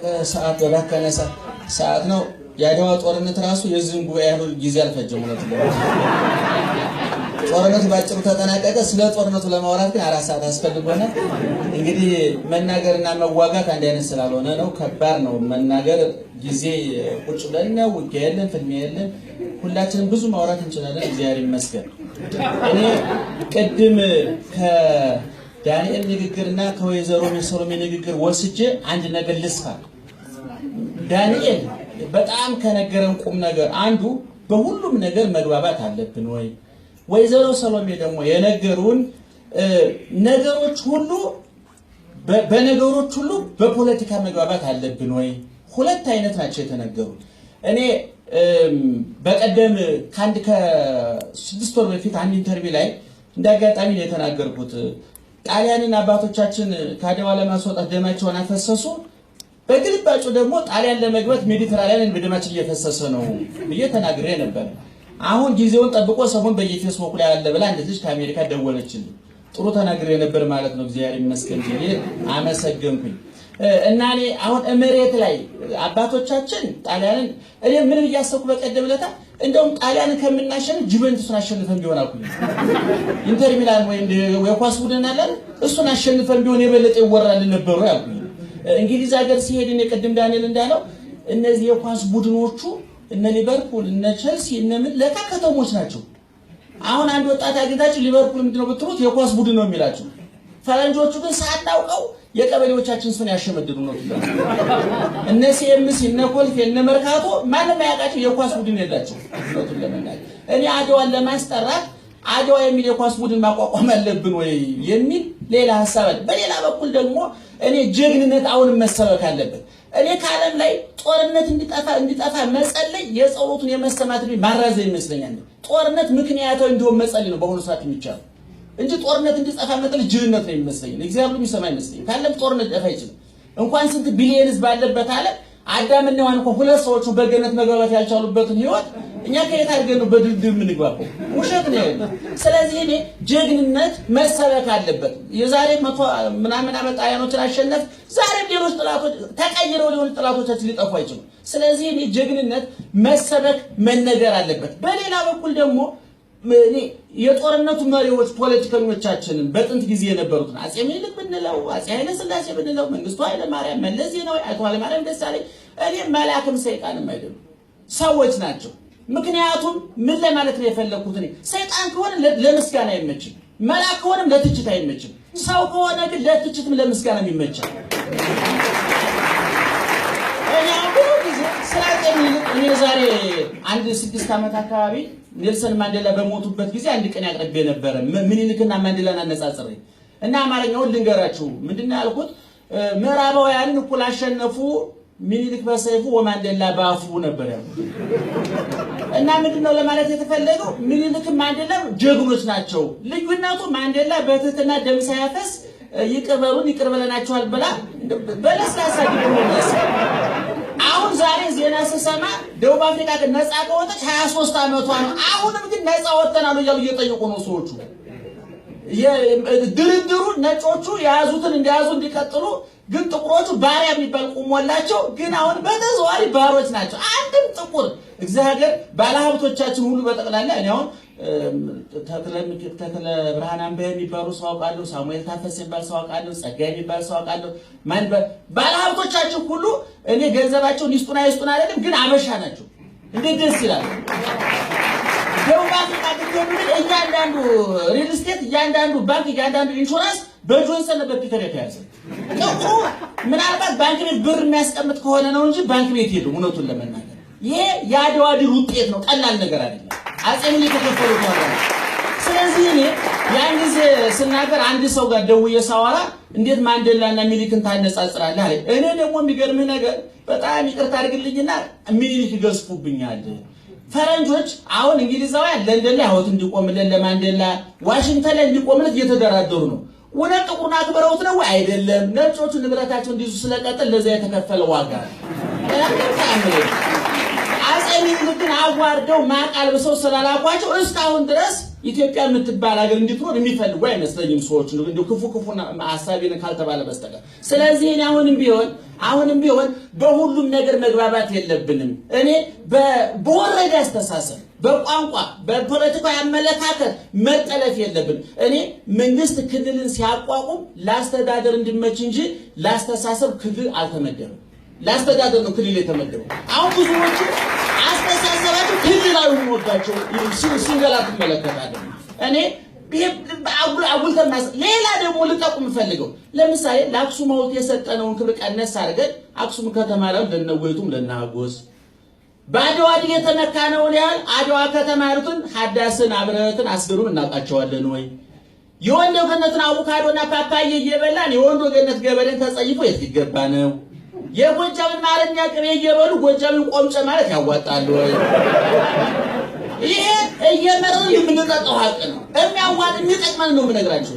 ከሰዓት በባከነ ሰዓት ነው። የአድዋ ጦርነት ራሱ የዚህን ጉባኤ ያህል ጊዜ አልፈጀም። እውነት ጦርነቱ ባጭሩ ተጠናቀቀ። ስለ ጦርነቱ ለማውራት ግን አራት ሰዓት አስፈልጎናል። እንግዲህ መናገርና መዋጋት አንድ አይነት ስላልሆነ ነው፣ ከባድ ነው መናገር። ጊዜ ቁጭ ብለን ነው፣ ውጊያ የለን፣ ፍልሚያ የለን። ሁላችንም ብዙ ማውራት እንችላለን። እግዚአብሔር ይመስገን። እኔ ቅድም ዳንኤል ንግግርና ከወይዘሮ ሰሎሜ ንግግር ወስጄ አንድ ነገር ልስፋ። ዳንኤል በጣም ከነገረን ቁም ነገር አንዱ በሁሉም ነገር መግባባት አለብን ወይ? ወይዘሮ ሰሎሜ ደግሞ የነገሩን ነገሮች ሁሉ በነገሮች ሁሉ በፖለቲካ መግባባት አለብን ወይ? ሁለት አይነት ናቸው የተነገሩት። እኔ በቀደም ከአንድ ከስድስት ወር በፊት አንድ ኢንተርቪው ላይ እንደ አጋጣሚ ነው የተናገርኩት። ጣሊያንን አባቶቻችን ከአድዋ ለማስወጣት ደማቸውን አፈሰሱ። በግልባጩ ደግሞ ጣሊያን ለመግባት ሜዲትራሊያንን በደማችን እየፈሰሰ ነው ብዬ ተናግሬ ነበር። አሁን ጊዜውን ጠብቆ ሰሞን በየፌስቡክ ላይ አለ ብላ እንደዚህ ከአሜሪካ ደወለችልኝ። ጥሩ ተናግሬ ነበር ማለት ነው። እግዚአብሔር ይመስገን ብዬ አመሰገንኩኝ። እና እኔ አሁን እመሬት ላይ አባቶቻችን ጣሊያንን እኔ ምንም እያሰብኩ በቀደም ዕለት እንደውም ጣሊያን ከምናሸንፍ ጁቬንቱስን አሸንፈን ቢሆን አልኩኝ። ኢንተር ሚላን ወይም የኳስ ቡድን አለን እሱን አሸንፈን ቢሆን የበለጠ ይወራል ነበሩ ያልኩኝ። እንግሊዝ ሀገር ሲሄድን የቅድም ዳንኤል እንዳለው እነዚህ የኳስ ቡድኖቹ እነ ሊቨርፑል፣ እነ ቸልሲ እነ ምን ለካ ከተሞች ናቸው። አሁን አንድ ወጣት አግኝታችሁ ሊቨርፑል ምንድነው ብትሉት የኳስ ቡድን ነው የሚላችሁ። ፈረንጆቹ ግን ሳናውቀው የቀበሌዎቻችን ስን ያሸመድዱ ነው። እነ ሲኤምሲ እነ ኮልፌ እነ መርካቶ ማንም አያውቃቸው የኳስ ቡድን የላቸው። እውነቱን ለመናገር እኔ አድዋን ለማስጠራት አድዋ የሚል የኳስ ቡድን ማቋቋም አለብን ወይ የሚል ሌላ ሀሳብ አለ። በሌላ በኩል ደግሞ እኔ ጀግንነት አሁን መሰበክ አለበት። እኔ ከዓለም ላይ ጦርነት እንዲጠፋ እንዲጠፋ መጸለይ የጸሎቱን የመሰማት ማራዘም ይመስለኛል። ጦርነት ምክንያታዊ እንዲሆን መጸለይ ነው በአሁኑ ሰዓት የሚቻለው። እንጂ ጦርነት እንዲጠፋ ልጅነት ነው የሚመስለኝ። እግዚአብሔር የሚሰማ አይመስለኝ። ካለም ጦርነት ጠፋ ይችላል። እንኳን ስንት ቢሊየን ህዝብ ባለበት አለ አዳም እና ሔዋን እንኳን ሁለት ሰዎች በገነት መግባባት ያልቻሉበትን ህይወት እኛ ከየት አድርገን ነው በድልድል የምንግባባው? ውሸት ነው። ስለዚህ እኔ ጀግንነት መሰረት አለበት። የዛሬ መቶ ምናምን ዓመት አያኖችን አሸነፍ፣ ዛሬም ሌሎች ጥላቶች ተቀይረው ሊሆን ጥላቶቻችን ሊጠፉ አይችሉም። ስለዚህ እኔ ጀግንነት መሰረት መነገር አለበት። በሌላ በኩል ደግሞ የጦርነቱ መሪዎች ፖለቲከኞቻችንን በጥንት ጊዜ የነበሩትን አጼ ምኒልክ ብንለው አፄ ኃይለ ስላሴ ብንለው መንግስቱ ኃይለ ማርያም፣ መለስ ዜናዊ፣ አቶ ማርያም ደሳለኝ እኔ መላክም ሰይጣንም አይደሉም ሰዎች ናቸው። ምክንያቱም ምን ለማለት ነው የፈለግኩት እኔ ሰይጣን ከሆነ ለምስጋና አይመችም፣ መላክ ከሆነም ለትችት አይመችም፣ ሰው ከሆነ ግን ለትችትም ለምስጋና ይመቻል። እኔ ዛሬ አንድ ስድስት ዓመት አካባቢ ኔልሰን ማንዴላ በሞቱበት ጊዜ አንድ ቀን ያቅርቤ ነበረ ምኒልክና ማንዴላን አነጻጽሬ እና አማርኛውን ልንገራችሁ ምንድን ነው ያልኩት? ምዕራባውያንን እኩል አሸነፉ ሚኒሊክ በሰይፉ ወማንዴላ በአፉ ነበር ያሉት። እና ምንድነው ለማለት የተፈለገው ሚኒሊክ ማንዴላ ጀግኖች ናቸው። ልዩነቱ ማንዴላ በትህትና ደም ሳያፈስ ይቅርበሉን ይቅርበለናቸዋል ብላ በለስላሳ ዲፕሎማሲ ዛሬ ዜና ስሰማ ደቡብ አፍሪካ ግን ነፃ ከወጣች 23 ዓመቷ ነው። አሁንም ግን ነፃ ወጥተናል እያሉ እየጠየቁ ነው ሰዎቹ። ድርድሩ ነጮቹ የያዙትን እንደያዙ እንዲቀጥሉ፣ ግን ጥቁሮቹ ባሪያ የሚባል ቁሞላቸው፣ ግን አሁን በተዘዋሪ ባሮች ናቸው። አንድም ጥቁር እግዚአብሔር ባለሀብቶቻችን ሁሉ በጠቅላላ እኔ አሁን ተክለ ብርሃን አንበህ የሚባሉ ሰው አውቃለሁ። ሳሙኤል ታፈስ የሚባል ሰው አውቃለሁ። ጸጋይ የሚባል ሰው አውቃለሁ። ማን ባለሀብቶቻችን ሁሉ እኔ ገንዘባቸውን ይስጡና ይስጡና አይደለም ግን አበሻ ናቸው። እንዴት ደስ ይላል! ደቡብ አፍሪካ ብትሄዱ ግን እያንዳንዱ ሪል ስቴት፣ እያንዳንዱ ባንክ፣ እያንዳንዱ ኢንሹራንስ በጆንሰን በፒተር የተያዘ ጥቁሩ ምናልባት ባንክ ቤት ብር የሚያስቀምጥ ከሆነ ነው እንጂ ባንክ ቤት ሄዱ። እውነቱን ለመናገር ይሄ የአድዋ ድል ውጤት ነው። ቀላል ነገር አይደለም። አጼ ምኒልክ የከፈሉት ዋጋ ነው። ስለዚህ እኔ ያን ጊዜ ስናገር አንድ ሰው ጋር ደውዬ ሳወራ እንዴት ማንዴላና ሚሊክን ታነጻጽራለህ አለኝ። እኔ ደግሞ የሚገርምህ ነገር በጣም ይቅርታ አድርግልኝና ሚሊክ ይገዝፉብኛል። ፈረንጆች አሁን እንግሊዛውያን ለንደን ላይ ሐውልት እንዲቆምልን ለማንዴላ ዋሽንግተን ላይ እንዲቆምለት እየተደራደሩ ነው። እውነት ጥቁሩን አክብረውት ነው ወይ? አይደለም። ነጮቹ ንብረታቸውን እንዲይዙ ስለቀጥል ለዛ የተከፈለ ዋጋ ነው። ጣይሚንግን አዋርደው ማቅ አልብሰው ስላላቋቸው እስካሁን ድረስ ኢትዮጵያ የምትባል ሀገር እንድትሆን የሚፈልጉ አይመስለኝም ሰዎች እንዲሁ ክፉ ክፉ ሀሳቢን ካልተባለ በስተቀር። ስለዚህ እኔ አሁንም ቢሆን አሁንም ቢሆን በሁሉም ነገር መግባባት የለብንም። እኔ በወረደ አስተሳሰብ፣ በቋንቋ፣ በፖለቲካዊ አመለካከት መጠለፍ የለብን። እኔ መንግስት ክልልን ሲያቋቁም ለአስተዳደር እንዲመች እንጂ ለአስተሳሰብ ክልል አልተመደበም። ለአስተዳደር ነው ክልል የተመደበው። አሁን ብዙዎች ሲንገላት ክልላዊ ወዳቸው ሲንገላ ትመለከታለን። እኔ ሌላ ደግሞ ልጠቁም የምፈልገው ለምሳሌ ለአክሱም ሐውልት የሰጠነውን ክብር ቀነስ አድርገን አክሱም ከተማ ላይ ለነጎይቱም ለናጎስ በአድዋ ድል የተመካነውን ያህል አድዋ ከተማ ያሉትን ሐዳስን፣ አብረትን፣ አስገሩን እናውቃቸዋለን ወይ? የወንዶ ገነትን አቮካዶና ፓፓዬ እየበላን የወንዶ ገነት ገበሬን ተጸይፎ የት ይገባ ነው? የጎጃምን ማረኛ ቅቤ እየበሉ ጎጃምን ቆምጨ ማለት ያዋጣሉ ይሄ እየመረን የምንጠጣው ሀቅ ነው። የሚያዋጥ የሚጠቅመን ነው የምነግራችሁ።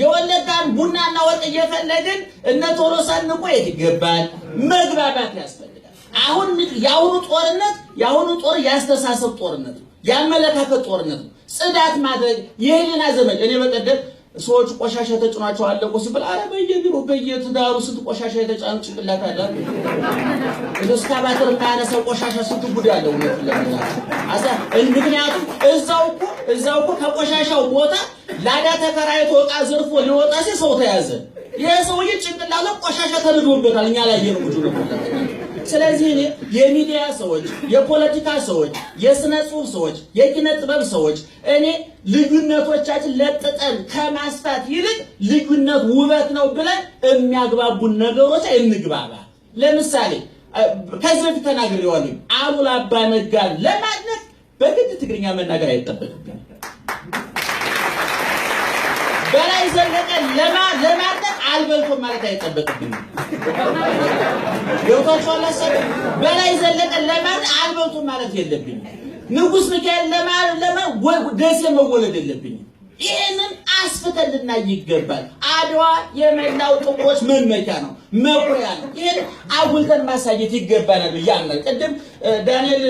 የወለዳን ቡናና ወርቅ እየፈለግን እነ ቶሎሳን ንቆ የት ይገባል? መግባባት ያስፈልጋል። አሁን የአሁኑ ጦርነት የአሁኑ ጦር ያስተሳሰብ ጦርነት፣ ያመለካከት ጦርነት ነው። ጽዳት ማድረግ የህሊና ዘመድ እኔ በቀደም ሰዎች ቆሻሻ ተጭኗቸው አለቁ ሲባል፣ አረ በየቢሮ በየትዳሩ ስንት ቆሻሻ የተጫኑ ጭንቅላት አለ። እስካባተር ማነሰ ቆሻሻ ስንት ጉድ አለ። እውነት ለምን ምክንያቱም እዛው እኮ እዛው እኮ ከቆሻሻው ቦታ ላዳ ተከራይቶ ዕቃ ዘርፎ ሊወጣ ሲል ሰው ተያዘ። ይሄ ሰውዬ ጭንቅላት ቆሻሻ ተልዶበታል። እኛ ላይ የሩጁ ነው ስለዚህ እኔ የሚዲያ ሰዎች፣ የፖለቲካ ሰዎች፣ የስነ ጽሁፍ ሰዎች፣ የኪነ ጥበብ ሰዎች እኔ ልዩነቶቻችን ለጥጠን ከማስፋት ይልቅ ልዩነት ውበት ነው ብለን የሚያግባቡን ነገሮች እንግባባ። ለምሳሌ ከዚህ በፊት ተናግሬዋለሁ። አሉላ አባ ነጋን ለማድነቅ በግድ ትግርኛ መናገር አይጠበቅብንም። በላይ ዘለቀ ለማ ለማርጠቅ ማለት አይጠበቅብኝም። በላይ ዘለቀ ለማርጠቅ አልበልቶም ማለት የለብኝም። ንጉሥ ሚካኤል ለማ ደሴ መወለድ የለብኝም። ይሄንን አስፍተን ይገባል። አድዋ የመላው ጥቁሮች መመኪያ ነው፣ መኩሪያ ነው። ይህን አጉልተን ማሳየት ይገባናል ብዬ አምናለሁ። ቅድም ዳንኤል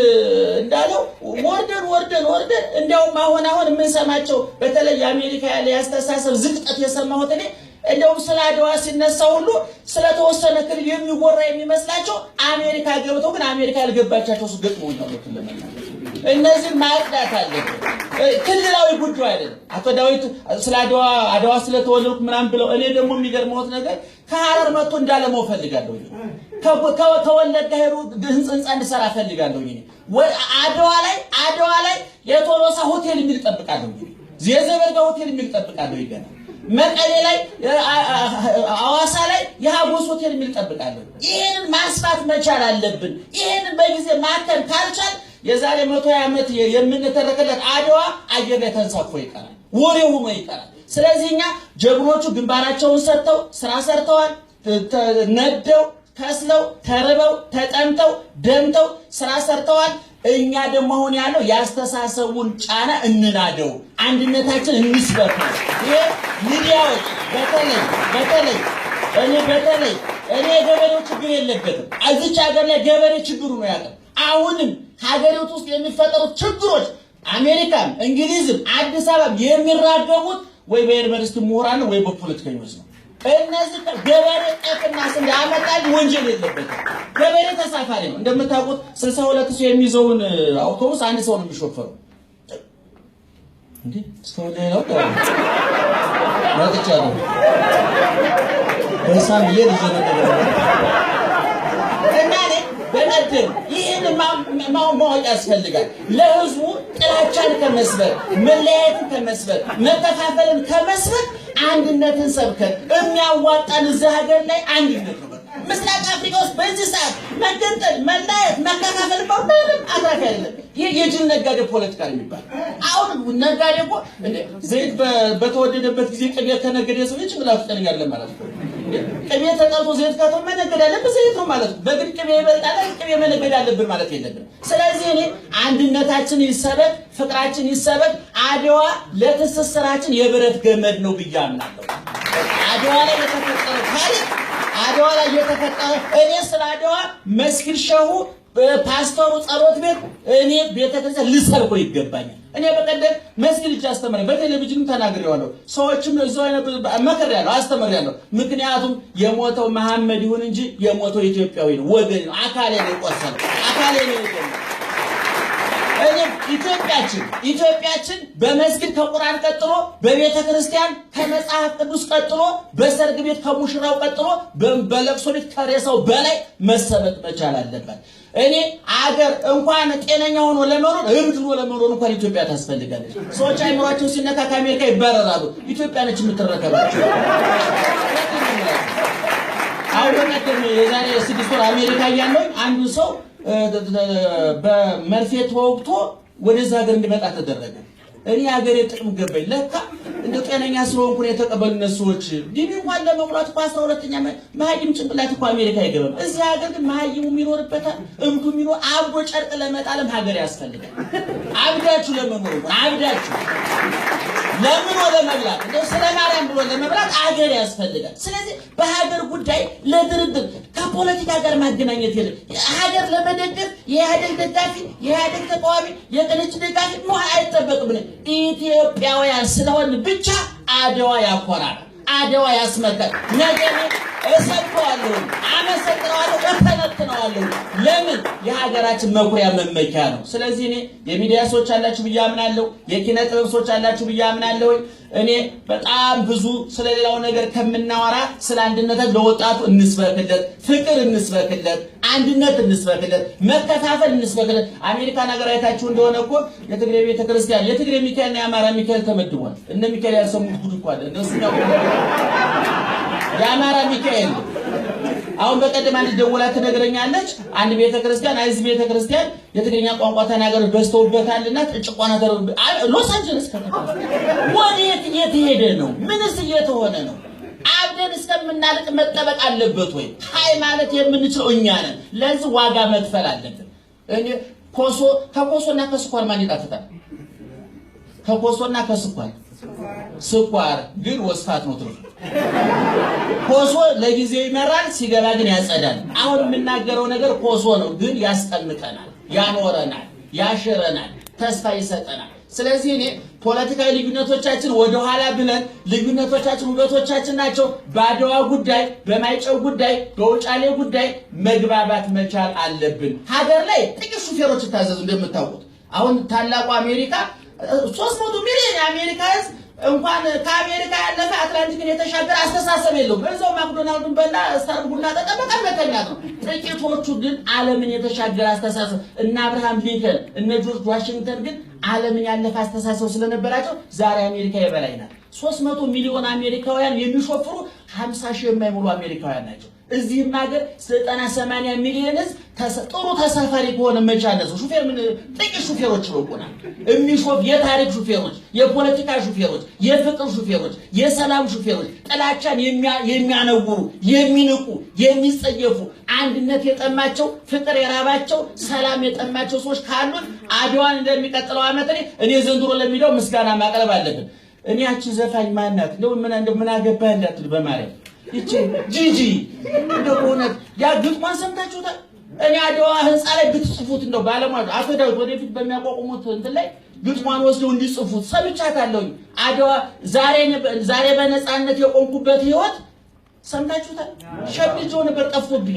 እንዳለው ወርደን ወርደን ወርደን እንዲያውም አሁን አሁን የምንሰማቸው በተለይ የአሜሪካ ያለ ያስተሳሰብ ዝቅጠት የሰማሁት እኔ እንደውም ስለ አድዋ ሲነሳ ሁሉ ስለተወሰነ ክልል የሚወራ የሚመስላቸው አሜሪካ ገብተው ግን አሜሪካ ያልገባቻቸው ስገጥሞኛል ለመናገር እነዚህ ማጽዳት አለብን። ክልላዊ ጉዳዩ አይደለም። አቶ ዳዊት ስለ አድዋ አድዋ ስለተወለድኩ ምናምን ብለው እኔ ደግሞ የሚገርመውት ነገር ከሀረር መጥቶ እንዳለማው እፈልጋለሁ። ከወለጋ ሄዶ ህንፃ እንድሰራ እፈልጋለሁ። አድዋ ላይ አድዋ ላይ የቶሎሳ ሆቴል የሚል እጠብቃለሁ። የዘበጋ ሆቴል የሚል እጠብቃለሁ። ይገናል መቀሌ ላይ አዋሳ ላይ የሀጎስ ሆቴል የሚል እጠብቃለሁ። ይህንን ማስፋት መቻል አለብን። ይህንን በጊዜ ማተም ካልቻል የዛሬ መቶ ዓመት የምንተረከለት አድዋ አየር ላይ ተንሳፎ ይቀራል፣ ወሬ ሆኖ ይቀራል። ስለዚህ እኛ ጀግኖቹ ግንባራቸውን ሰጥተው ስራ ሰርተዋል። ነደው፣ ከስለው፣ ተርበው፣ ተጠምተው፣ ደምተው ስራ ሰርተዋል። እኛ ደግሞ አሁን ያለው ያስተሳሰቡን ጫና እንናደው፣ አንድነታችን እንስበት ነው። ይሄ ሚዲያዎች በተለይ በተለይ እኔ በተለይ እኔ የገበሬው ችግር የለበትም። እዚች ሀገር ላይ ገበሬ ችግሩ ነው ያለው። አሁንም ሀገሪቱ ውስጥ የሚፈጠሩት ችግሮች አሜሪካም እንግሊዝም አዲስ አበባም የሚራገቡት ወይ በዩኒቨርሲቲ ምሁራን ወይ በፖለቲከኞች ነው። እነዚህ ገበሬ ጤፍና ስንዴ አመጣል ወንጀል የለበትም። ገበሬ ተሳፋሪ ነው። እንደምታውቁት ስልሳ ሁለት ሰው የሚይዘውን አውቶቡስ አንድ ሰው ነው የሚሾፈረው። እንዴ እስካሁን ሌላው መጥቻለሁ በሳም የልጅ ነገር እና በመድን ማወቅ ያስፈልጋል። ለህዝቡ ጥላቻን ከመስበር፣ መለያየትን ከመስበር፣ መከፋፈልን ከመስበር አንድነትን ሰብከን የሚያዋጣን እዚህ ሀገር ላይ አንድነት ነው። ምስራቅ አፍሪካ ውስጥ በዚህ ሰዓት መገንጠል፣ መለያየት፣ መከፋፈል በምንም አትራፊ አይደለም። ይህ የጅል ነጋዴ ፖለቲካ ነው የሚባል። አሁን ነጋዴ እኮ ዘይት በተወደደበት ጊዜ ቅቤ ከነገደ ሰው ጭንቅላቱ ጤነኛ አይደለም ማለት ነው። ቅቤ ተቀርቶ ዘይት መነገድ ያለብን ዘይት ነው ማለት ነው። በግድ ቅቤ ይበልጣል፣ ቅቤ መነገድ ያለብን ማለት የለብን። ስለዚህ እኔ አንድነታችን ይሰበክ፣ ፍቅራችን ይሰበክ። አድዋ ለትስስራችን የብረት ገመድ ነው ብዬ አምናለሁ። አድዋ ላይ የተፈጠረ ታሪክ አድዋ ላይ የተፈጠረ እኔ ስለ አድዋ ሸሁ ፓስተሩ ጸሎት ቤት እኔ ቤተክርስቲያን ልሰርኮ ይገባኛል። እኔ በቀደም መስጊድ ልጅ አስተምረኝ በቴሌቪዥንም ተናግሬዋለሁ። ሰዎችም እዛ አይነት መክሬያለሁ፣ አስተምሬያለሁ። ምክንያቱም የሞተው መሐመድ ይሁን እንጂ የሞተው ኢትዮጵያዊ ነው፣ ወገን ነው፣ አካሌ ነው የቆሰለው፣ አካሌ ነው የቆሰለው። ኢትዮጵያችን ኢትዮጵያችን በመስጊድ ከቁርአን ቀጥሎ በቤተ ክርስቲያን ከመጽሐፍ ቅዱስ ቀጥሎ በሰርግ ቤት ከሙሽራው ቀጥሎ በለቅሶ ቤት ከሬሳው በላይ መሰበጥ መቻል አለበት። እኔ አገር እንኳን ጤነኛ ሆኖ ለመኖር እብድ ሆኖ ለመኖር እንኳን ኢትዮጵያ ታስፈልጋለች። ሰዎች አይምሯቸው ሲነካ ከአሜሪካ ይባረራሉ። ኢትዮጵያ ነች የምትረከባቸው። አሁን የዛሬ ስድስት ወር አሜሪካ እያለሁኝ አንዱ ሰው በመርፌ ተወግቶ ወደዛ ሀገር እንዲመጣ ተደረገ። እኔ ሀገሬ ጥቅም ገባኝ። ለካ እንደ ጤነኛ ስለሆንኩ ነው የተቀበሉ ሰዎች። ዲኒ እንኳን ለመቁላት እኮ አስራ ሁለተኛ መሀይም ጭንቅላት እኮ አሜሪካ አይገባም። እዚህ ሀገር ግን መሀይሙም ይኖርበታል፣ እብዱም ይኖር አብዶ ጨርቅ ለመጣለም ሀገር ያስፈልጋል። አብዳችሁ ለመኖር አብዳችሁ ለምን ወደ መብላት እንደው ስለ ማርያም ብሎ ለመብላት አገር ያስፈልጋል። ስለዚህ በሀገር ጉዳይ ለድርድር ከፖለቲካ ጋር ማገናኘት የለም። ሀገር ለመደገፍ የኢህአደግ ደጋፊ የኢህአደግ ተቃዋሚ የቅንጅት ደጋፊ ሞ አይጠበቅም። ኢትዮጵያውያን ስለሆን ብቻ አድዋ ያኮራል፣ አድዋ ያስመጣል ነገ እሰድበዋለሁ፣ አመሰግነዋለሁ፣ እተነትነዋለሁ። ለምን የሀገራችን መኩሪያ መመኪያ ነው። ስለዚህ እኔ የሚዲያ ሰዎች አላችሁ ብዬ አምናለሁ። የኪነ ጥበብ ሰዎች አላችሁ ብዬ አምናለሁ። እኔ በጣም ብዙ ስለሌላው ነገር ከምናወራ ስለ አንድነትን ለወጣቱ እንስበክለት፣ ፍቅር እንስበክለት፣ አንድነት እንስበክለት፣ መከፋፈል እንስበክለት። አሜሪካን ሀገር አይታችሁ እንደሆነ እኮ የትግሬ ቤተክርስቲያን የትግሬ ሚካኤልና የአማራ ሚካኤል ተመድቧል። እነ ሚካኤል ያልሰሙት ጉድ እኮ አለ እነሱ የአማራ ሚካኤል አሁን በቀደም አንድ ደውላ ትነግረኛለች። አንድ ቤተክርስቲያን አይዝ ቤተክርስቲያን የትግርኛ ቋንቋ ተናገር በዝተውበታልና ጭቆና ተደረገ። ሎስ አንጀለስ ወዴት እየተሄደ ነው? ምንስ እየተሆነ ነው? አብደን እስከምናልቅ መጠበቅ አለበት ወይ? ማለት የምንችለው እኛ ነን። ለዚህ ዋጋ መክፈል አለብን። እኔ ኮሶ ከኮሶና ከስኳር ማን ይጣፍጣል? ከኮሶና ከስኳር ስኳር ግን ወስፋት ነው ትርፉ ኮሶ ለጊዜው ይመራል፣ ሲገባ ግን ያጸዳል። አሁን የምናገረው ነገር ኮሶ ነው፣ ግን ያስጠምቀናል፣ ያኖረናል፣ ያሽረናል፣ ተስፋ ይሰጠናል። ስለዚህ እኔ ፖለቲካዊ ልዩነቶቻችን ወደኋላ ብለን ልዩነቶቻችን ውበቶቻችን ናቸው። በአድዋ ጉዳይ፣ በማይጨው ጉዳይ፣ በውጫሌ ጉዳይ መግባባት መቻል አለብን። ሀገር ላይ ጥቂት ሹፌሮች ይታዘዙ። እንደምታውቁት አሁን ታላቁ አሜሪካ ሶስት መቶ ሚሊዮን የአሜሪካ ህዝብ እንኳን ከአሜሪካ ያለፈ አትላንቲክን የተሻገረ አስተሳሰብ የለውም። እዛው ማክዶናልዱን በላ ስታር ቡና ተጠበቀ መተኛ ነው። ጥቂቶቹ ግን ዓለምን የተሻገረ አስተሳሰብ እነ አብርሃም ሊንከን እነ ጆርጅ ዋሽንግተን ግን ዓለምን ያለፈ አስተሳሰብ ስለነበራቸው ዛሬ አሜሪካ የበላይ ናት። ሶስት መቶ ሚሊዮን አሜሪካውያን የሚሾፍሩ ሀምሳ ሺህ የማይሞሉ አሜሪካውያን ናቸው። እዚህም ሀገር ዘጠና ሰማንያ ሚሊዮን ህዝብ ጥሩ ተሳፋሪ ከሆነ መቻ ነው። ሹፌር ምን ጥቂት ሹፌሮች ይወቁናል። የሚሾፍ የታሪክ ሹፌሮች፣ የፖለቲካ ሹፌሮች፣ የፍቅር ሹፌሮች፣ የሰላም ሹፌሮች፣ ጥላቻን የሚያነውሩ የሚንቁ፣ የሚጸየፉ አንድነት የጠማቸው ፍቅር የራባቸው ሰላም የጠማቸው ሰዎች ካሉን አድዋን እንደሚቀጥለው ዓመት እኔ ዘንድሮ ለሚለው ምስጋና ማቅረብ አለብን። እኔ ያቺ ዘፋኝ ማናት? እንደው ምን አገባህ እንዳትል በማለት ይቺ ጂጂ እንደው በእውነት ያ ግጥሟን ሰምታችሁታል። እኔ አድዋ ህንፃ ላይ ብትጽፉት እንደው ባለሙያ አቶ ዳዊት ወደፊት በሚያቋቁሙት እንትን ላይ ግጥሟን ወስደው እንዲጽፉት ሰምቻታለሁኝ። አድዋ ዛሬ በነፃነት የቆምኩበት ህይወት ሰምታችሁታል። ሸምጆ ነበር ጠፍቶብኝ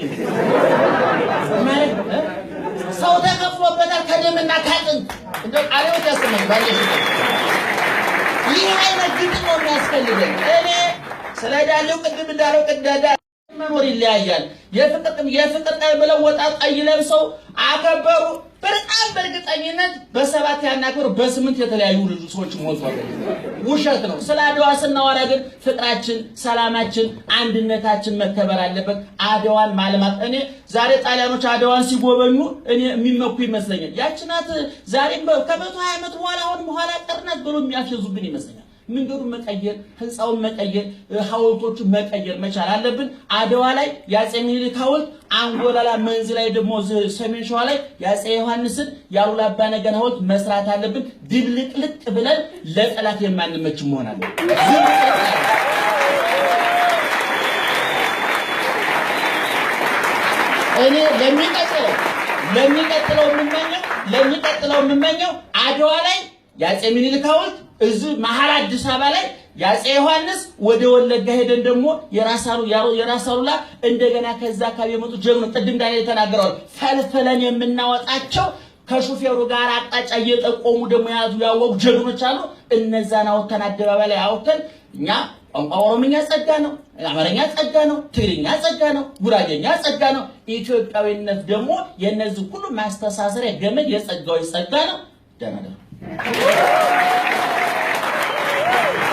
ሰው ተከፍሎበታል። ከደምና ካጥንት እንደው ቃሌው ያሰማኝ ባለሽ ይህ አይነት ግጥም የሚያስፈልገን እኔ ስለ ዳለው ቅድም እንዳለው ቅዳዳ መኖር ይለያያል። የፍቅር የፍቅር ብለው ወጣ ቀይ ለብሰው አከበሩ። በጣም በእርግጠኝነት በሰባት ያናከሩ በስምንት የተለያዩ ልጁ ሰዎች ሞቷል። ውሸት ነው። ስለ አድዋ ስናወራ ግን ፍቅራችን፣ ሰላማችን፣ አንድነታችን መከበር አለበት። አድዋን ማልማት እኔ ዛሬ ጣሊያኖች አድዋን ሲጎበኙ እኔ የሚመኩ ይመስለኛል። ያችናት ዛሬም ከመቶ ሀያ ዓመት በኋላ አሁን በኋላ ቀርናት ብሎ የሚያፌዙብን ይመስለኛል። መንገዱን መቀየር፣ ህንፃውን መቀየር፣ ሐውልቶቹን መቀየር መቻል አለብን። አድዋ ላይ የአፄ ሚኒሊክ ሐውልት፣ አንጎላላ መንዝ ላይ ደግሞ ሰሜን ሸዋ ላይ የአፄ ዮሐንስን የአሉላ አባነጋን ሐውልት መስራት አለብን። ድብልቅልቅ ብለን ለጠላት የማንመች መሆን አለብን። እኔ ለሚቀጥለው ለሚቀጥለው የምመኘው ለሚቀጥለው የምመኘው አድዋ ላይ የአፄ ሚኒሊክ ሐውልት እዚህ መሀል አዲስ አበባ ላይ የአፄ ዮሐንስ ወደ ወለጋ ሄደን ደግሞ የራሳሉ የራሳሉላ እንደገና ከዛ አካባቢ የመጡ ጀግኖች ቅድም ዳንኤል የተናገረዋል ፈልፈለን የምናወጣቸው ከሹፌሩ ጋር አቅጣጫ እየጠቆሙ ደግሞ ያዙ ያወቁ ጀግኖች አሉ። እነዛን አወተን አደባባይ ላይ አወተን እኛ ቋንቋ ኦሮምኛ ጸጋ ነው፣ አማርኛ ጸጋ ነው፣ ትግርኛ ጸጋ ነው፣ ጉራጌኛ ጸጋ ነው። ኢትዮጵያዊነት ደግሞ የነዚህ ሁሉ ማስተሳሰሪያ ገመድ የጸጋዎች ጸጋ ነው። ደህና Thank you.